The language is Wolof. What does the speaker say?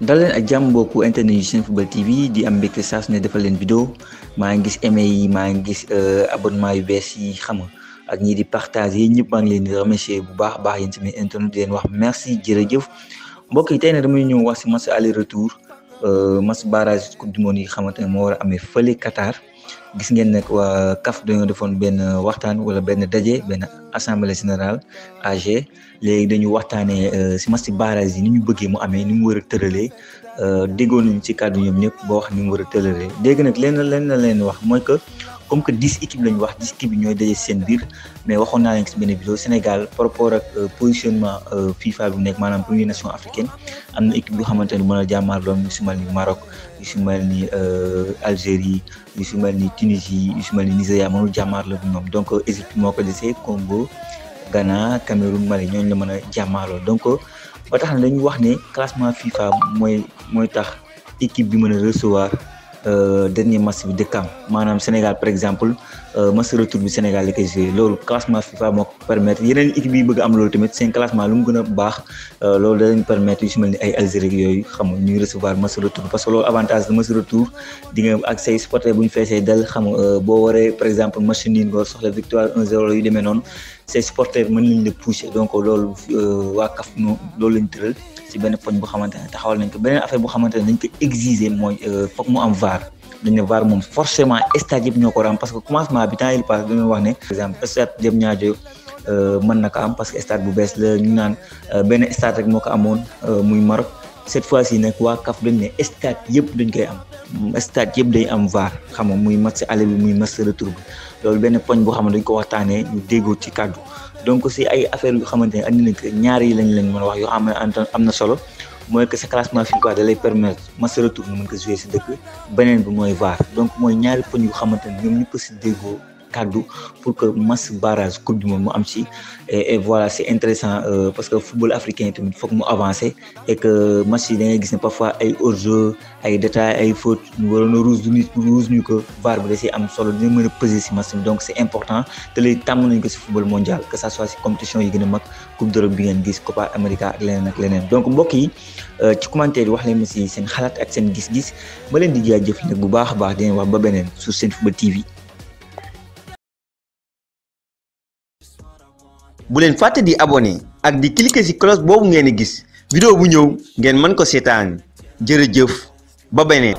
dal leen ak jàmm mbokku internet yu Senfootball TV di am mbégte saa ne defal leen vidéo maa ngis gis maa ngi gis euh, abonnement yu bees yi xam ak ñii di partager ñëpp maa ngi leen di remercier bu baax baax yen samay internet di leen wax merci jërëjëf mbokk yi tey nag damay ñëw wax si match aller retour. Euh, match barrage coupe du monde yi xamante ne moo war a amee fële Qatar gis ngeen nag waa CAF dañoo defoon benn waxtaan wala benn daje benn assemblée sénéral AG léegi dañu waxtaanee euh, si match barrage yi ni ñu bëggee mu amee ni mu war a tëralee euh, déggoo nañu ci kàddu ñoom ñëpp boo wax ni mu war a tëralee dégg nag lenn lenn leen wax mooy que. comme que dix équipes la ñu wax dix équipes yi ñooy daje seen biir mais waxoon naa leen si benn vidéo Sénégal par rapport ak euh, positionnement euh, FIFA bi nekk maanaam première nation africaine am na équipe yoo xamante ne mën a jàmmaarloo ñu si mel ni Maroc ñu si mel ni euh, Algérie ñu si mel ni Tunisie ñu si mel ni Nigéria mënul jàmmaarloo ak ñoom donc Égypte moo ko dese Congo la mën a jàmmaarloo donc ba tax na dañu wax ne classement FIFA mooy mooy tax équipe bi mën a recevoir. Euh, dernier match bi maanaam Sénégal par exemple euh, match retour bi Sénégal la koy joué loolu classement FIFA moo ko yeneen équipe yi bëgg am loolu tamit seen classement lu mu gën a baax euh, loolu danañ permettre yu si ni ay Algérie yooyu xam ñuy recevoir match retour parce que loolu avantage la match retour di nga ak say supporter bu ñu feesee dal xam boo waree par exemple match nul nga soxla victoire 1-0 yu demee noonu. ses supporters mën nañ la pousser donc loolu euh, waa CAF no loolu lañ tëral si benn poñ bu xamante ne taxawal nañ ko beneen affaire bu xamante ne dañ ko exiger mooy euh, foog mu am VAR dañ ne VAR moom forcément stade yëpp ñoo ko ram parce que commencement bi temps il passe dañoo wax ne par exemple stade jëm ñaajo euh, mën na ko am parce que stade bu bees la naan benn stade rek moo ko amoon muy Maroc cet fois ci nag waa CAF dañ ne stade yëpp dañ koy am stade yëpp day am VAR xam nga muy match aller bi muy match retour bi loolu benn poñ boo xam ne dañ ko waxtaanee ñu déggoo ci kaddu donc si ay affaire yu xamante ne andi nañ ko ñaar yi lañ leen mën a wax yoo xam ne am na solo mooy que sa classement fi quoi da lay permettre match retour nga mën ko jouer si dëkk beneen bi mooy VAR donc mooy ñaari poñ yu xamante ne ñoom ñëpp si déggoo. kaddu pour que masse barrage coupe du monde mu am ci et voilà c'est intéressant euh, parce que football africain faut que mu avancer et que match yi da ngay gis ne parfois ay hors-jeu ay détails ay fautes ñu waroon a rouge du rouge ñu ko VAR bi am solo dina mën poser peser masse donc c'est important de les tàmm que ce football mondial que ça soit si compétition yi gën a mag coupe d'Europe bi ngeen Copa America ak leneen ak donc mbokk yi euh, ci commentaire yi wax leen ma c'est seen xalaat ak seen gis-gis ba leen di jaajëf nag bu baax baax dinañ wax ba benen sur Senfootball TV bu leen fàtte di abonné ak di cliquer ci boobu ngeen di gis vidéo bu ñëw ngeen man ko seetaan jërëjëf ba beneen